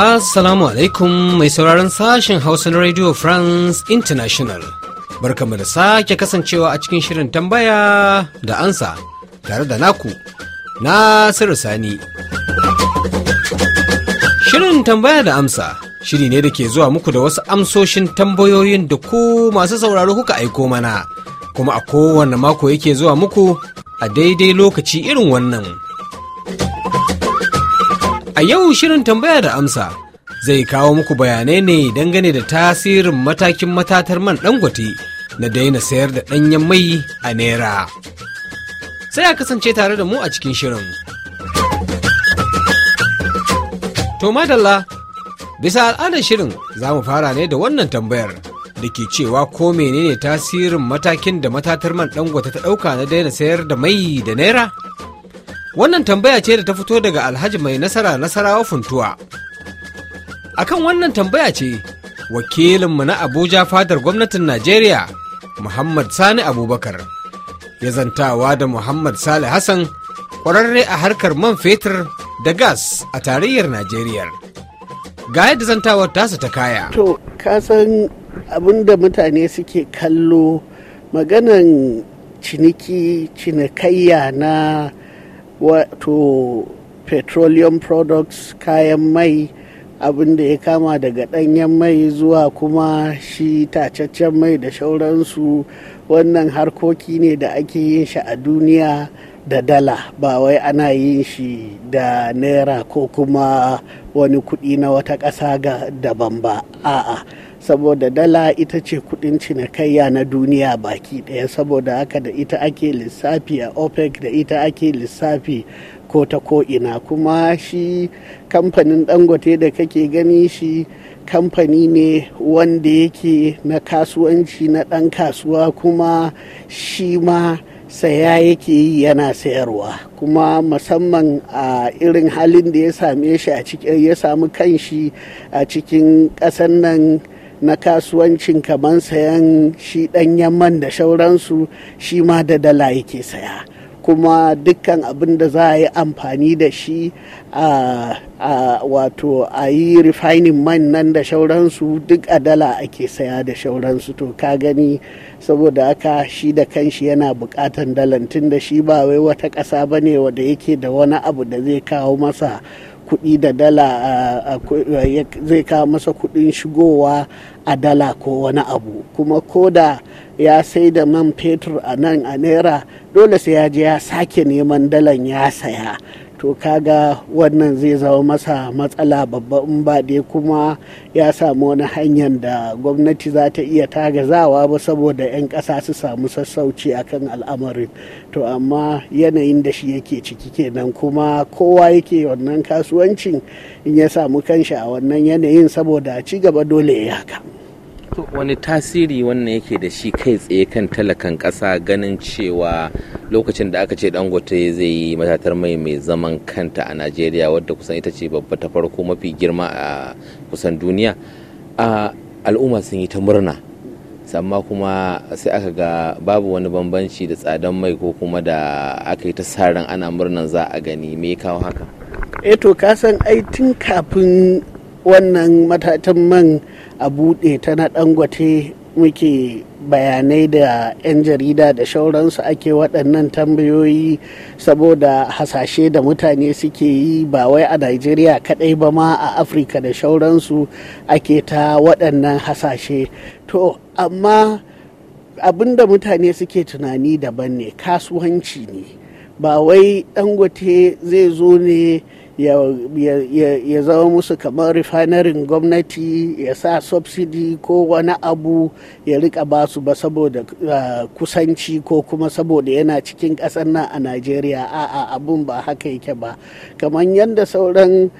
Assalamu alaikum mai sauraron sashen Hausa na Radio France International. Barkamu da sake kasancewa a cikin shirin tambaya da ansa tare da naku Nasiru Sani. Shirin tambaya da amsa shiri ne da ke zuwa muku da wasu amsoshin tambayoyin da ku masu sauraro kuka aiko mana, kuma a kowane mako yake zuwa muku a daidai lokaci irin wannan. A yau shirin tambaya da amsa zai kawo muku bayanai ne dangane da tasirin matakin matatar man dangote na daina sayar da ɗanyen mai a naira. Sai a kasance tare da mu a cikin shirin. To madalla, bisa al'adar shirin za mu fara ne da wannan tambayar da ke cewa ko menene tasirin matakin da matatar man dangote ta ɗauka na daina sayar da mai da naira? Wannan tambaya ce da ta fito daga Alhaji mai nasara nasarawa funtuwa. A kan wannan tambaya ce, wakilinmu na Abuja fadar gwamnatin Najeriya, Muhammad Sani Abubakar, ya zantawa da Muhammad Salih Hassan ƙwararre a harkar man fetur da gas a tarayyar Najeriya. Ga yadda zantawar tasa ta kaya. To, san abin da mutane suke kallo maganan ciniki cinikayya na wato petroleum products kayan mai abin da ya kama daga ɗanyen mai zuwa kuma shi tacaccen mai da shauransu wannan harkoki ne da ake yin shi a duniya da dala ba wai ana yin shi da naira ko kuma wani kuɗi na wata ƙasa daban ba a'a saboda dala ita ce kudin cinikayya na duniya baki daya saboda haka da ita ake lissafi a opec da ita ake lissafi ko ta ko'ina kuma shi kamfanin dangote da kake gani shi kamfani ne wanda yake na kasuwanci na ɗan kasuwa kuma shi ma saya yake yi yana sayarwa kuma musamman a irin halin da ya same shi a cikin ya samu kanshi a cikin ƙasan nan na kasuwancin kamar sayan shi ɗanyen man da shauransu shi ma da dala yake saya kuma dukkan abin da za a yi amfani da shi a wato a yi refining man nan da shauransu duk a dala ake saya da shauransu to ka gani saboda haka shi da kanshi yana bukatan dalan tun da shi ba wai wata ƙasa ba ne wadda yake da wani abu da zai kawo masa kuɗi da dala zai kawo masa kuɗin shigowa a dala ko wani abu kuma koda ya sai da man fetur a nan a naira dole sai ya je ya sake neman dalan ya saya to kaga wannan zai zama masa matsala babba in ba dai kuma ya samu wani hanyar da gwamnati za ta iya zawa ba saboda 'yan ƙasa su samu sassauci a kan al'amarin to amma yanayin da shi yake ciki kenan kuma kowa yake wannan kasuwancin in ya samu kanshi a wannan yanayin saboda ci gaba dole ya haka wani tasiri wannan yake da shi kai tsaye kan talakan ƙasa ganin cewa lokacin da aka ce dangote zai yi matatar mai mai zaman kanta a najeriya wadda kusan ita ce babba ta farko mafi girma a kusan duniya a al'umma sun yi ta murna amma kuma sai aka ga babu wani bambanci da tsadan mai ko kuma da aka yi ta saran ana murnan za a gani me kawo haka e to ka san ai tun kafin wannan matatan man a buɗe ta na dangote muke bayanai da 'yan jarida da shauransu ake waɗannan tambayoyi saboda hasashe da mutane suke yi ba wai a Najeriya kaɗai ba ma a Afirka da shauransu ake ta waɗannan hasashe. To, amma abin da mutane suke tunani daban ne, kasuwanci ne. ba wai dangote zai zo ne ya, zama musu kamar rifanarin gwamnati ya sa subsidi ko wani abu ya rika su ba saboda kusanci ko kuma saboda yana cikin ƙasar nan a najeriya a'a abun ba haka yake ba kamar yadda sauran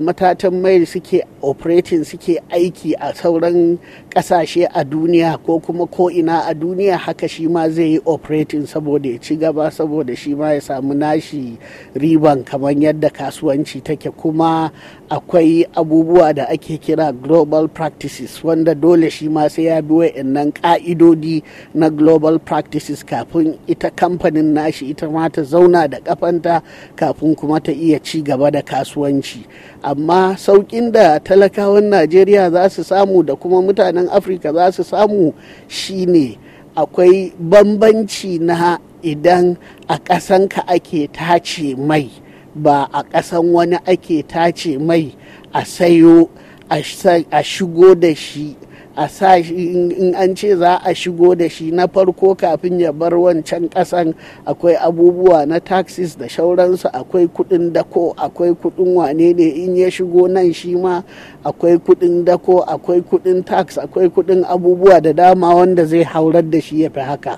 matatan mai suke operating suke aiki a sauran kasashe a duniya ko kuma ko'ina a duniya haka shi ma zai yi operating saboda ya ci gaba saboda shi ma ya samu nashi riban kamar yadda kasuwanci take kuma akwai abubuwa da ake kira global practices wanda dole shi ma sai ya bi wa'annan ka'idodi na global practices kafin ita kamfanin nashi ita ma ta zauna da kafanta kafin kuma ta iya ci gaba da kasuwanci amma saukin da talakawan najeriya za su samu da kuma mutanen afirka za su samu ne akwai bambanci na idan a ƙasanka ake tace mai ba a ƙasan wani ake tace mai a sayo a shigo da shi a sa in an ce za a shigo da shi na farko kafin ya bar wancan kasan akwai abubuwa na taxis da shauransu akwai kudin dako akwai kudin wane ne in ya shigo nan shi ma akwai kudin dako akwai kudin tax akwai kudin abubuwa da dama wanda zai haurar da shi ya fi haka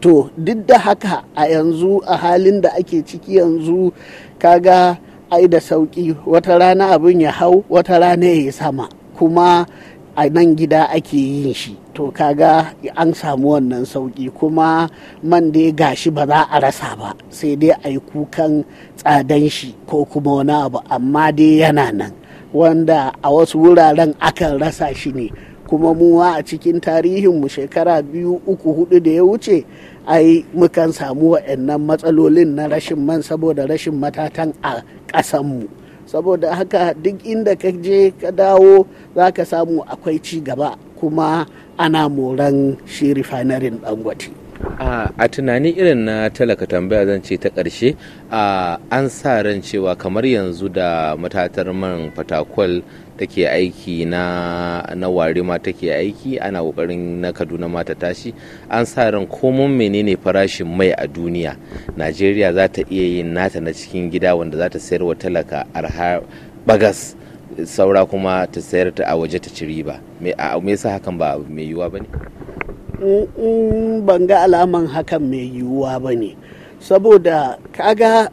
to duk da haka a yanzu a halin da ake ciki yanzu kaga ai da sauki wata rana abin ya hau wata rana ya yi sama kuma a nan gida ake yin shi to kaga an samu wannan sauki kuma man dai gashi ba za a rasa ba sai dai a yi kukan tsadan shi ko kuma wani abu amma dai yana nan wanda a wasu wuraren akan rasa shi ne kuma muwa a cikin tarihin mu shekara biyu uku hudu da ya wuce ai mukan samu waɗannan matsalolin na rashin man saboda rashin matatan a ƙasanmu. saboda haka duk inda ka je ka dawo za ka samu akwai ci gaba kuma ana moran shi rifanarin dangote a tunani irin na talaka tambaya zan ce ta ƙarshe an sa ran cewa kamar yanzu da matatar man fatakwal take aiki na na ware ma take aiki ana kokarin na kaduna ma ta tashi an sa ran komun menene farashin mai a duniya najeriya za ta iya yin nata na cikin gida wanda za ta sayar wa talaka arha bagas saura kuma ta sayar ta a waje ta ci riba me yasa hakan ba mai yiwuwa bane ban ga alaman hakan mai yiwuwa bane saboda kaga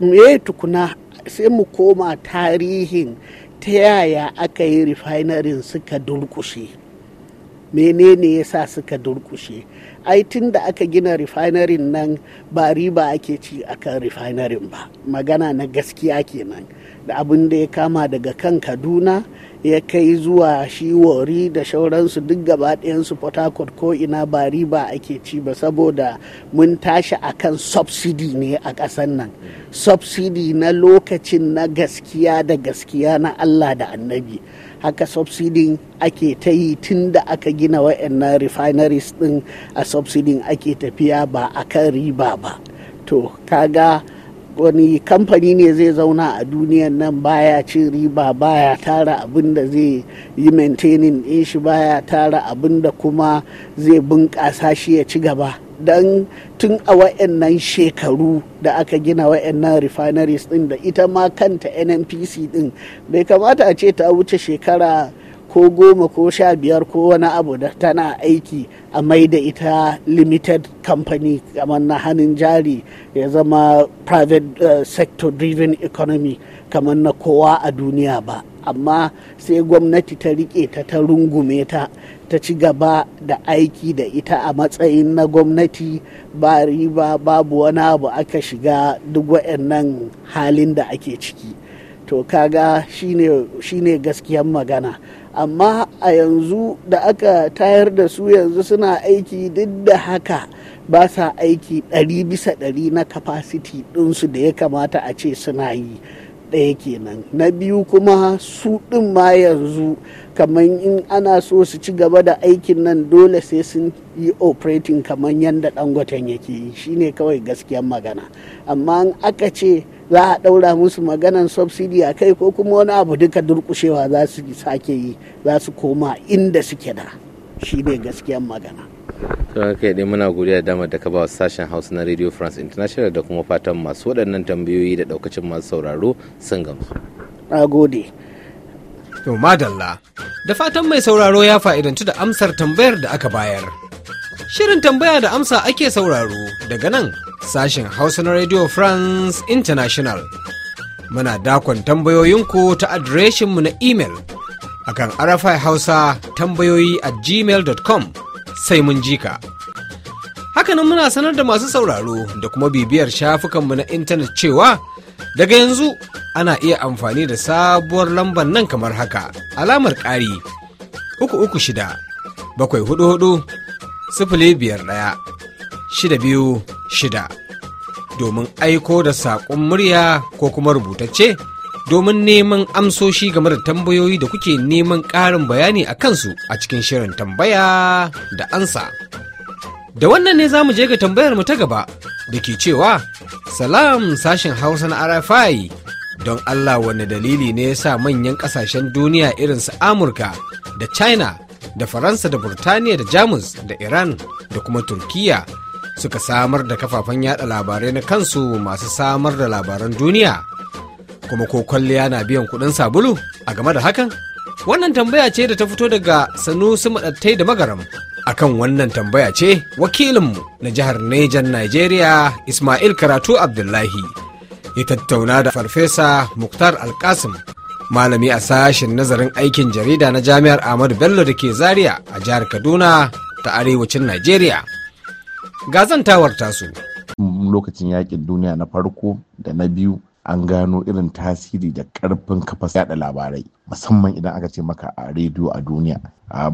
me tukuna sai mu koma tarihin ta yaya aka yi refinerin suka durkushe menene ya sa suka durkushe ai tun da aka gina refinerin nan ba riba ake ci akan refinerin ba magana na gaskiya kenan da abin da ya kama daga kan kaduna ya kai zuwa shi wari da shauransu duk gaba ɗayan port harcourt ko ina ba riba ake ci ba saboda mun tashi akan subsidy ne a ƙasar nan subsidy na lokacin na gaskiya da gaskiya na allah da annabi haka subsidin ake ta yi tun da aka gina wa'annan refineries din a subsidin ake tafiya ba akan riba ba to kaga wani kamfani ne zai zauna a duniyan nan baya cin riba baya tara abin da zai yi maintaining din shi baya tara abin da kuma zai bunƙasa shi ya ci gaba don tun a wa'annan shekaru da aka gina wa'annan refineries din da ita ma kanta nnpc din bai kamata a ce ta wuce shekara ko goma ko sha biyar ko wani abu da tana aiki a mai da ita limited company kamar na hannun jari ya zama private uh, sector driven economy kamar na kowa a duniya ba amma sai gwamnati ta rike ta ta rungume ta ta ci gaba da aiki da ita a matsayin na gwamnati ba riba babu wani abu aka shiga duk waɗannan halin da ake ciki to kaga shine, shine gaskiyar magana amma a yanzu da aka tayar da su yanzu suna aiki duk da haka ba sa aiki ɗari bisa ɗari na kafasiti ɗinsu da ya kamata a ce suna yi ɗaya kenan na biyu kuma su ɗin ma yanzu kamar in ana so su ci gaba da aikin nan dole sai sun yi operating kamar yadda dangoten yake yi shine kawai gaskiyar magana amma aka ce za a ɗaura musu maganan subsidy a kai ko kuma wani abu duka durƙushewa za su sake yi za su koma inda suke da shi ne gaskiyan magana to kai dai muna godiya da da ka ba sashen hausa na radio france international da kuma fatan masu waɗannan tambayoyi da ɗaukacin masu sauraro sun gamsu na gode to madalla da fatan mai sauraro ya fa'idantu da amsar tambayar da aka bayar shirin tambaya da amsa ake sauraro daga nan sashen Hausa na Radio France International. Muna dakon tambayoyinku ta adireshinmu na imel akan arafai hausa tambayoyi a gmail.com sai mun ji jika. Hakanan muna sanar da masu sauraro da kuma bibiyar shafukanmu na intanet cewa daga yanzu ana iya amfani da sabuwar lambar nan kamar haka alamar ƙari uku uku shida bakwai hudu hudu sifili biyar ɗaya shida biyu shida. Domin aiko da saƙon murya ko kuma rubutacce domin neman amsoshi game da tambayoyi da kuke neman ƙarin bayani a kansu a cikin shirin tambaya da ansa. Da wannan ne za mu je ga tambayar mu ta gaba da ke cewa salam sashen hausa na RFI don Allah wani dalili ne ya sa manyan ƙasashen duniya irin su Amurka da China da Faransa da Burtaniya da Jamus da Iran da kuma turkiyya suka samar da kafafen yada labarai na kansu masu samar da labaran duniya kuma ko kwalliya na biyan kudin sabulu a game da hakan wannan tambaya ce da ta fito daga sanusi madattai da magaram akan wannan tambaya ce wakilinmu na jihar nejan Najeriya, ismail karatu abdullahi ya tattauna da farfesa muktar alkasim malami a sashen nazarin aikin jarida na jami'ar ahmadu bello da ke zaria a jihar kaduna ta arewacin Najeriya. Gazantawar tasu. Lokacin yakin duniya na farko da na biyu an gano irin tasiri da karfin kafa yada labarai musamman idan aka ce maka a rediyo a duniya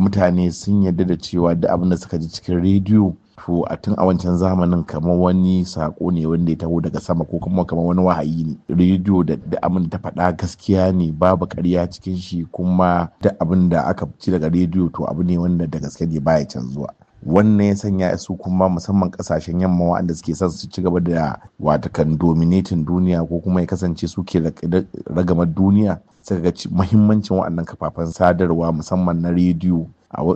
mutane sun yarda da cewa da abin da suka ji cikin rediyo to a tun a wancan zamanin kamar wani sako ne wanda ya taho daga sama ko kuma kamar wani wahayi ne rediyo da da abin ta faɗa gaskiya ne babu ƙarya cikin shi kuma da abin da aka ci daga rediyo to abu ne wanda da gaske ne baya canzuwa wannan ya sanya su kuma musamman kasashen yamma waɗanda suke son su ci gaba da watakan dominatin duniya ko kuma ya kasance suke ragamar duniya suka ga mahimmancin waɗannan kafafen sadarwa musamman na rediyo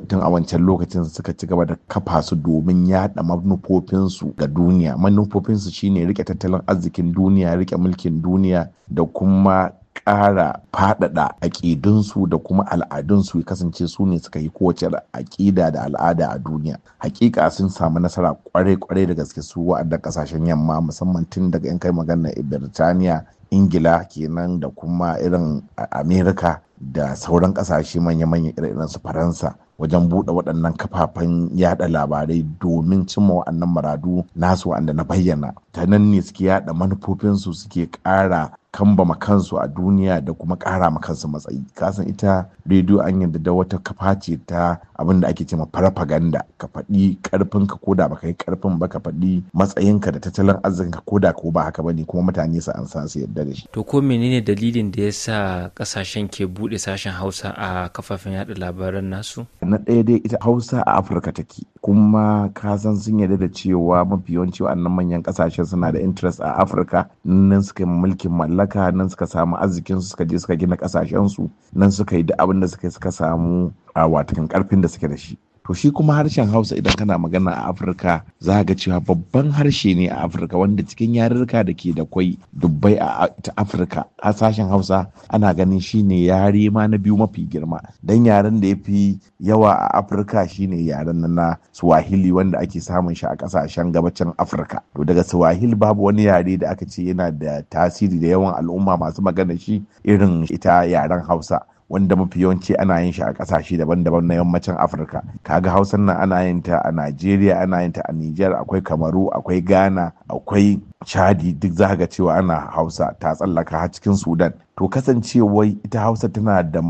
tun a wancan lokacin suka ci gaba da kafa su domin yaɗa manufofinsu ga duniya manufofinsu shine rike tattalin arzikin duniya rike mulkin duniya da kuma ƙara faɗaɗa aƙidunsu da kuma al'adunsu ya kasance su ne suka yi kowace aƙida da al'ada a duniya hakika sun samu nasara kwarai-kwarai da gaske su wa'adda ƙasashen yamma musamman tun daga 'yan kai a birtaniya ingila kenan da kuma irin amerika da sauran ƙasashe manya-manya irin su faransa wajen buɗe waɗannan kafafen yada labarai domin cimma waɗannan maradu nasu wanda na bayyana ta nan ne suke yada manufofinsu suke ƙara kambama kansu a duniya da kuma kara kansu matsayi kasan ita rediyo an yadda da wata kafa ce ta abin da ake cewa farfaganda ka faɗi karfin ka koda ba ka yi karfin ba ka faɗi matsayinka da tattalin arzikin ka koda ko ba haka bane kuma mutane su an san su yadda da shi to ko menene dalilin da yasa kasashen ke bude sashen Hausa a kafafen yada labaran nasu na ɗaya dai ita Hausa a Afirka take kuma ka san sun yarda da cewa mafi yawanci wa'annan manyan kasashen suna da interest a afirka nan suka yi mulkin mallaka nan suka samu arzikin su suka je suka gina kasashen su nan suka yi da abin da suka suka samu a watakan karfin da suke da shi to shi kuma harshen hausa idan kana magana a afirka za ga cewa babban harshe ne a afirka wanda cikin yarurruka da ke da kwai dubbai a ta afirka hasashen hausa ana ganin shi ne yare ma na biyu mafi girma Don yaren da ya fi yawa a afirka shi ne yaren na swahili wanda ake samun shi a kasashen gabacin afirka to daga swahili babu wani yare da aka ce yana da tasiri da yawan al'umma masu magana shi irin ita yaren hausa wanda mafi yawanci ana yin shi a kasashe daban-daban na yammacin afirka kaga hausan nan ana yin ta a najeriya ana yin ta a niger akwai kamaru akwai ghana akwai chadi duk za ga cewa ana hausa ta tsallaka har cikin sudan to kasancewa ita hausa tana da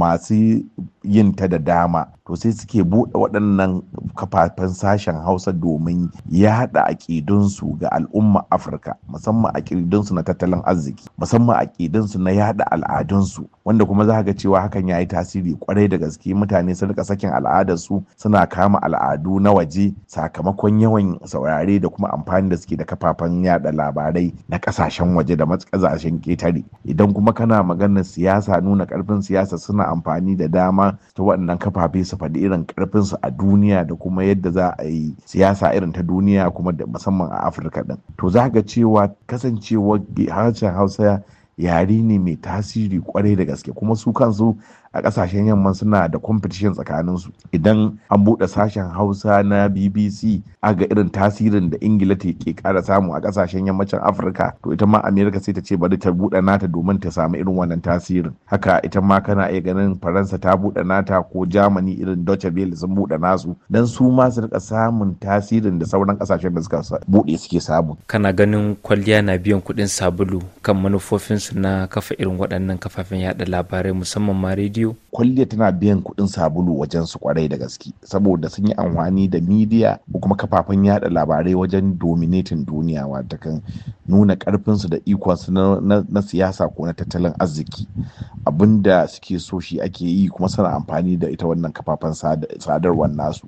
masu yin ta da dama to sai suke buɗe waɗannan kafafen sashen hausa domin ya haɗa aƙidunsu ga al'umma afirka musamman aƙidunsu na tattalin arziki musamman aƙidunsu na yaɗa al'adunsu wanda kuma za ga cewa hakan ya yi tasiri kwarai da gaske mutane sun rika sakin al'adarsu suna kama al'adu na waje sakamakon yawan saurare da kuma amfani da suke da kafafen yaɗa yada labarai na kasashen waje da kasashen ketare idan kuma kana maganar siyasa nuna karfin siyasa suna amfani da dama ta waɗannan kafafe su faɗi irin karfin su a duniya da kuma yadda za a yi siyasa irin ta duniya kuma da musamman a afirka ɗin. to za ga cewa kasancewar harshen hausa yare ne mai tasiri kwarai da gaske kuma su kansu a kasashen yamman suna da competition tsakaninsu idan an buɗe sashen hausa na bbc aga irin tasirin da ingila ta ke kara samu a kasashen yammacin afirka to ita ma america sai ta ce bari ta buɗe nata domin ta samu irin wannan tasirin haka ita ma kana iya ganin faransa ta buɗe nata ko germany irin deutsche welle sun buɗe nasu dan su ma su rika samun tasirin da sauran kasashen da suka buɗe suke samu kana ganin kwalliya na biyan kuɗin sabulu kan manufofinsu na kafa irin waɗannan kafafen yaɗa labarai musamman ma rediyo biyu kwalliya tana biyan kuɗin sabulu wajen su kwarai da gaske saboda sun yi amfani da midiya ko kuma kafafen yada labarai wajen dominatin duniya wata kan nuna karfinsu da ikonsu na, siyasa ko na tattalin arziki abinda suke so shi ake yi kuma suna amfani da ita wannan kafafen sadarwar nasu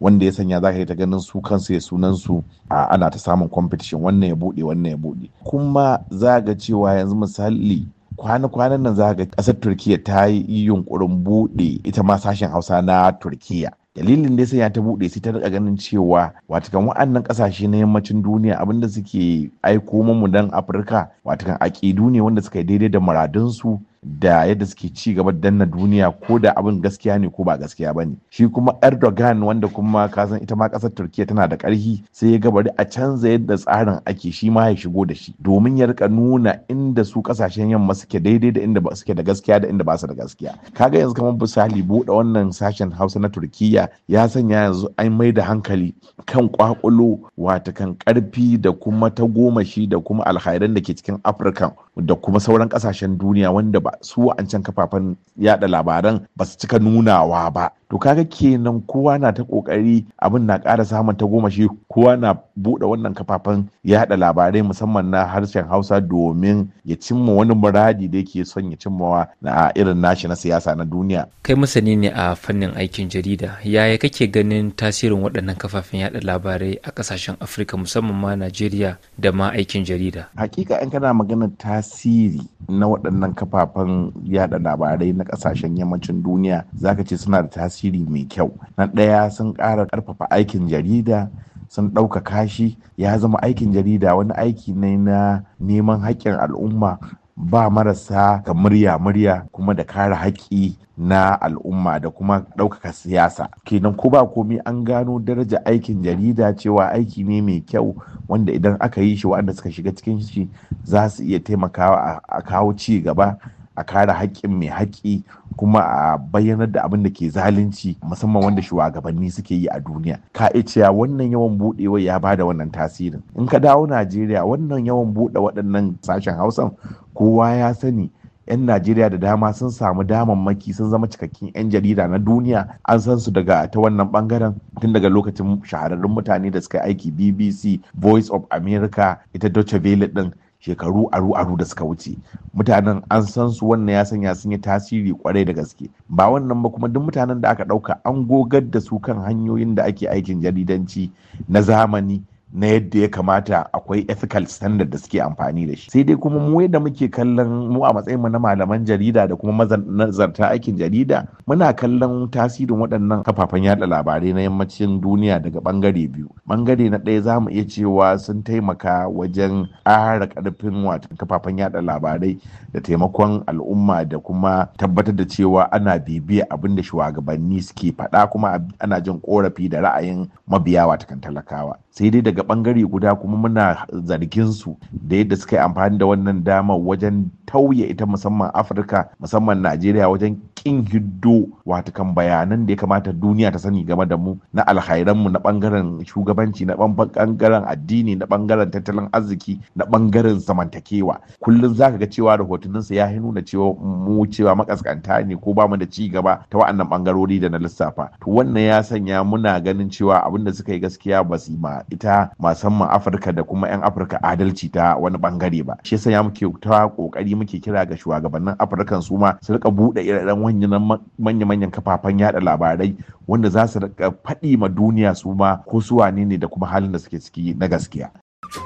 wanda ya sanya zaka yi ta ganin su kansu ya sunan su ana ta samun competition wannan ya bude wannan ya bude. kuma za ga cewa yanzu misali kwana-kwanan nan za ga ƙasar turkiya ta yi yunkurin buɗe ita ma sashen hausa na turkiya dalilin da ya ta buɗe sai ta rika ganin cewa watakan wa'annan ƙasashe na yammacin duniya abinda suke aiko mu dan afirka watakan aƙidu ne wanda suka daidai da muradunsu da yadda suke ci gaba da danna duniya ko da abin gaskiya ne ko ba gaskiya bane. shi kuma erdogan wanda kuma kasan ita ma kasar turkiya tana da karhi sai ya gabari a canza yadda tsarin ake shi ma ya shigo da shi domin ya rika nuna inda su kasashen yamma suke daidai da inda suke da gaskiya da inda ba su da gaskiya kaga yanzu kamar misali buɗe wannan sashen hausa na turkiya ya sanya yanzu an mai da hankali kan kwakulo wata kan karfi da kuma tagomashi da kuma alhairan da ke cikin afirka da kuma sauran kasashen duniya wanda su wa'ancan kafafen yada labaran ba su cika nunawa ba to kaga kenan kowa na ta kokari abin na ƙara samun ta goma shi kowa na buɗe wannan kafafen yaɗa labarai musamman na harshen hausa domin ya cimma wani muradi da yake son ya cimmawa na irin nashi na siyasa na duniya kai masani ne a fannin aikin jarida yaya kake ganin tasirin waɗannan kafafen yaɗa labarai a ƙasashen afirka musamman ma najeriya da ma aikin jarida hakika an kana magana tasiri na waɗannan kafafen yaɗa labarai na ƙasashen yammacin duniya zaka ce suna da tasiri tasiri mai kyau na ɗaya sun ƙara ƙarfafa aikin jarida sun ɗaukaka kashi ya zama aikin jarida wani aiki ne na neman haƙƙin al'umma ba marasa ga murya murya kuma da kare haƙƙi na al'umma da kuma ɗaukaka siyasa kenan ko ba komi an gano daraja aikin jarida cewa aiki ne mai kyau wanda idan aka yi shi waɗanda suka shiga cikin shi za su iya taimakawa a kawo ci gaba a kare haƙƙin mai haƙƙi kuma a bayyanar da abin da ke zalunci musamman wanda shugabanni suke yi a duniya ka cewa wannan yawan buɗewa ya bada wannan tasirin in ka dawo najeriya wannan yawan buɗe waɗannan sashen hausan kowa ya sani 'yan najeriya da dama sun samu damammaki sun zama cikakkin 'yan jarida na duniya an san su daga ta wannan bangaren tun daga lokacin shahararrun mutane da suka aiki bbc voice of america ita deutsche welle din shekaru aru-aru da suka wuce mutanen an san su wannan ya sanya sun yi tasiri kwarai da gaske ba wannan ba kuma duk mutanen da aka ɗauka an gogar da su kan hanyoyin da ake aikin jaridanci na zamani na yadda ya kamata akwai ethical standard da suke amfani da shi sai dai kuma mu yadda muke kallon mu a matsayin mu na malaman jarida da kuma mazarta aikin jarida muna kallon tasirin waɗannan kafafen yada labarai na yammacin duniya daga bangare biyu bangare na ɗaya za mu iya cewa sun taimaka wajen ƙara ƙarfin wato kafafen yada labarai da taimakon al'umma da kuma tabbatar da cewa ana bibiya abin da shugabanni suke faɗa kuma ana jin korafi da ra'ayin mabiya watakan talakawa sai dai daga daga bangare guda kuma muna zargin su da yadda suka yi amfani da wannan dama wajen tauye ita musamman afirka musamman najeriya wajen kin hiddo kan bayanan da ya kamata duniya ta sani game da mu na alhairanmu na bangaren shugabanci na bangaren addini na bangaren tattalin arziki na bangaren zamantakewa kullum zaka ga cewa sa ya nuna cewa mu cewa makaskanta ne ko bamu da ci gaba ta wa'annan bangarori da na lissafa to wannan ya sanya muna ganin cewa abin da suka yi gaskiya ba su ma ita Masamman musamman Afirka da kuma 'yan Afirka adalci ta wani bangare ba shi yasa ya muke ta kokari muke kira ga shugabannin Afirkan su ma su rika buɗe irin wannan manya-manyan kafafen yada labarai wanda za su rika faɗi ma duniya su ma ko su wane ne da kuma halin da suke ciki na gaskiya.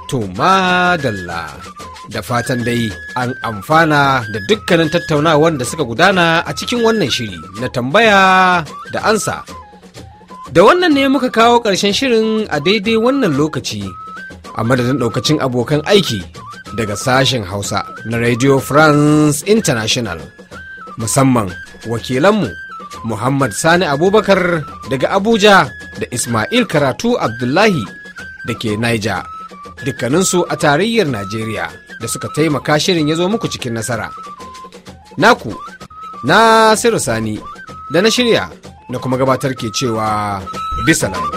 To madalla da fatan dai an amfana da dukkanin tattaunawar da suka gudana a cikin wannan shiri na tambaya da ansa. Da wannan ne muka kawo ƙarshen shirin a daidai wannan lokaci a madadin ɗaukacin abokan aiki daga sashen Hausa na Radio France International musamman wakilanmu Muhammad Sani Abubakar daga Abuja da Ismail Karatu Abdullahi da ke Niger dukkaninsu a tarayyar Najeriya da suka taimaka shirin ya zo muku cikin nasara. Naku, na Sani da na shirya na kuma gabatar ke cewa bisa nan.